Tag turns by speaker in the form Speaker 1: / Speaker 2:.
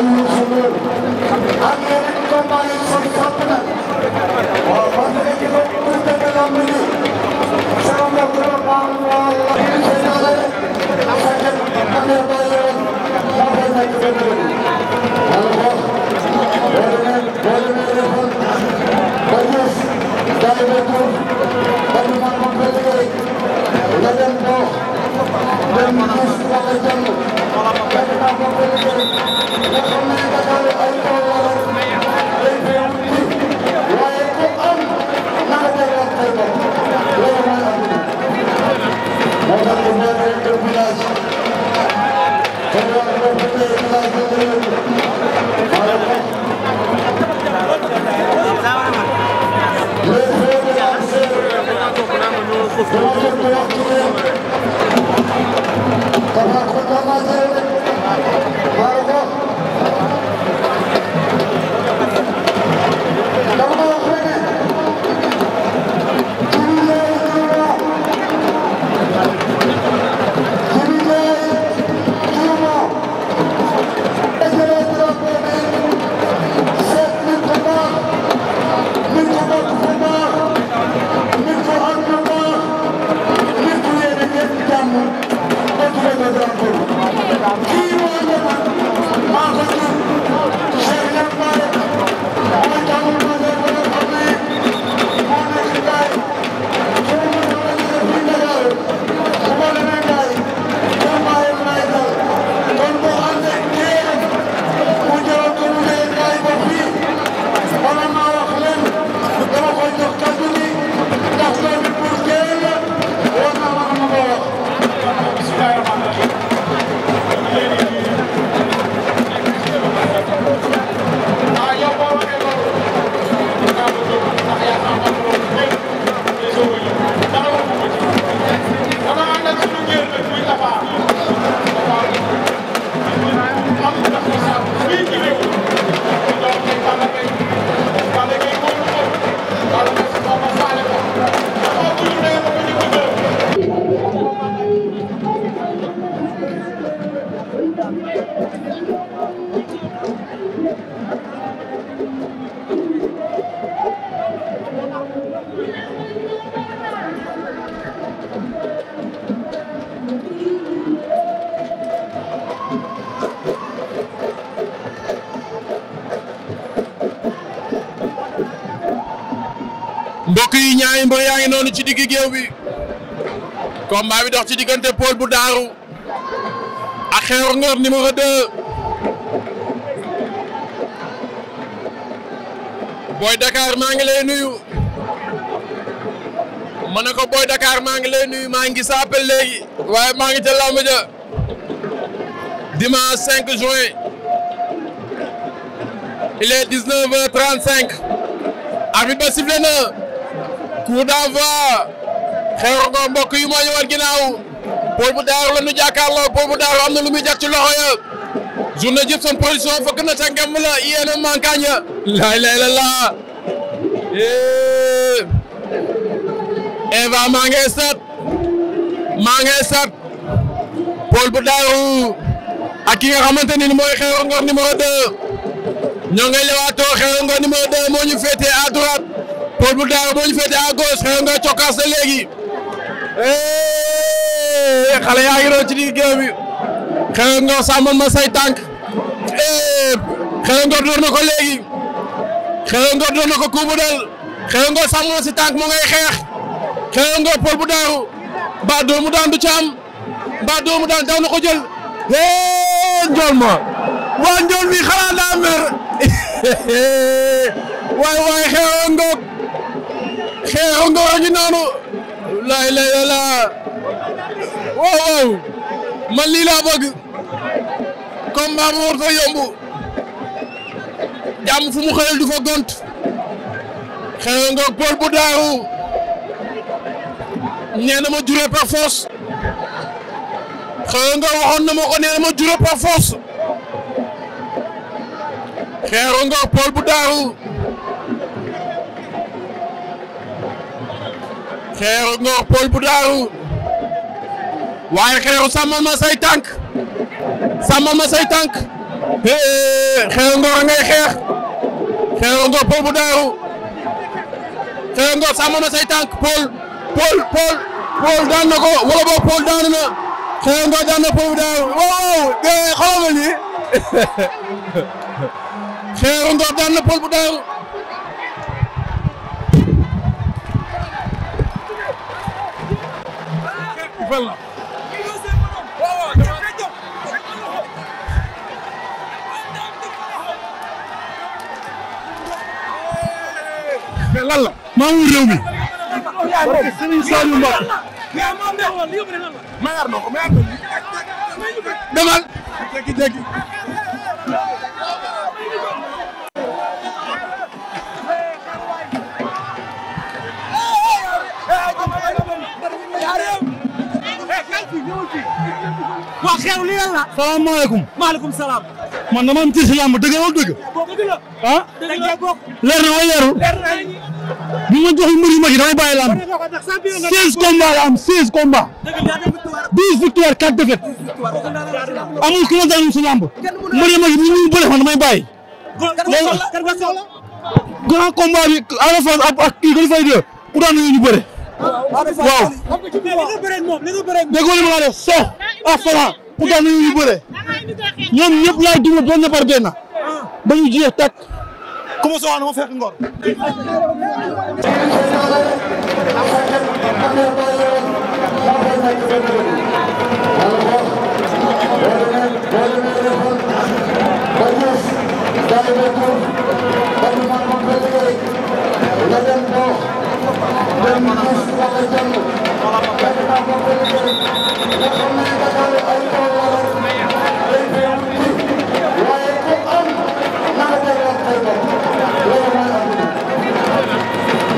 Speaker 1: am yeneen combat yu mbokk yi ñaari mbër yaa ngi noonu ci diggi géew bi maa bi dox ci diggante Paul bu Daaru ak Xeeru Ngor numéro 2 Boy Dakar maa ngi lay nuyu ma ne ko Boy Dakar maa ngi lay nuyu maa ngi sa léegi waaye maa ngi ca làmb ja dimanche 5 juin il est 19h35 ba sifflé coup d'envoi Xeweul ko mbokk yi moo ñëwal ginnaaw Paul bu Daaru la ñu jàkkaarloo Paul bu Daaru am na lu muy jag ci loxo ya journée Djibson production fëgg na ca ngem la yéena mankaañ ya laay laay la laa eh. Eva maa ngi sat maa ngi bu Daaru ak ki nga xamante ni mooy Xeweul Ngor numéro 2 ñoo ngay lewaatoo Xeweul Ngor numéro 2 moo ñu féetee à Paul bu Daara moo ñu féete à gauche xëy léegi eh, xale yaa ngi doon ci digg géew say tànk eh, xëy nga door na ko léegi xëy nga na ko kuubu dal xëy nga sàmmal ma si tànk xeex xëy nga bu Daaru ba doomu daan du ci am ba doomu daan daw na ko jël eh, waa njool mi xalaat mer waaye waaye xëy xeexo nga waa ngi noonu laay lay laa ma war yomb jàmm fu mu xëyal du fa gont bu daaru nee na ma juree par force xeexo nga waxoon na ma bu daaru xeeru Ngor Paul bu Daaru waaye xeeru sàmmal ma say tànk sàmmal ma say tànk xeeru ngay xeex xeeru Ngor Paul bu Daaru xeeru Ngor sàmmal ma say tànk Paul Paul Paul Paul wala boog Paul daan na xeeru Ngor daan na Paul bu Daaru waaw xoolal ma lii
Speaker 2: xeeru Ngor daan na Paul bu Daaru
Speaker 1: appel la. mais lan la. maa ngi réew mi. parce que Serigne Saliou Mbacke. Maguette Ndoko Maguette Ndoko. demal. jékki-jékki. xew li lan la. salaamaaleykum. maaleykum salaam. man dama am ci si làmb dëgg wala dëgg. ah. leer na wala leerul. bu ma jox mbir yu mag damay bàyyi làmb. 16 combats la am 16 combats. 12 amul ku ma damay bàyyi. grand combat bi ak ak kii Coly Faye 2 ku daan ñu bëre. ma la so ak Franc. daan nañu bëre ñoom ñëpp laay duma benn par benn ba ñu jeex tàkk comme soxna ma fekk ngor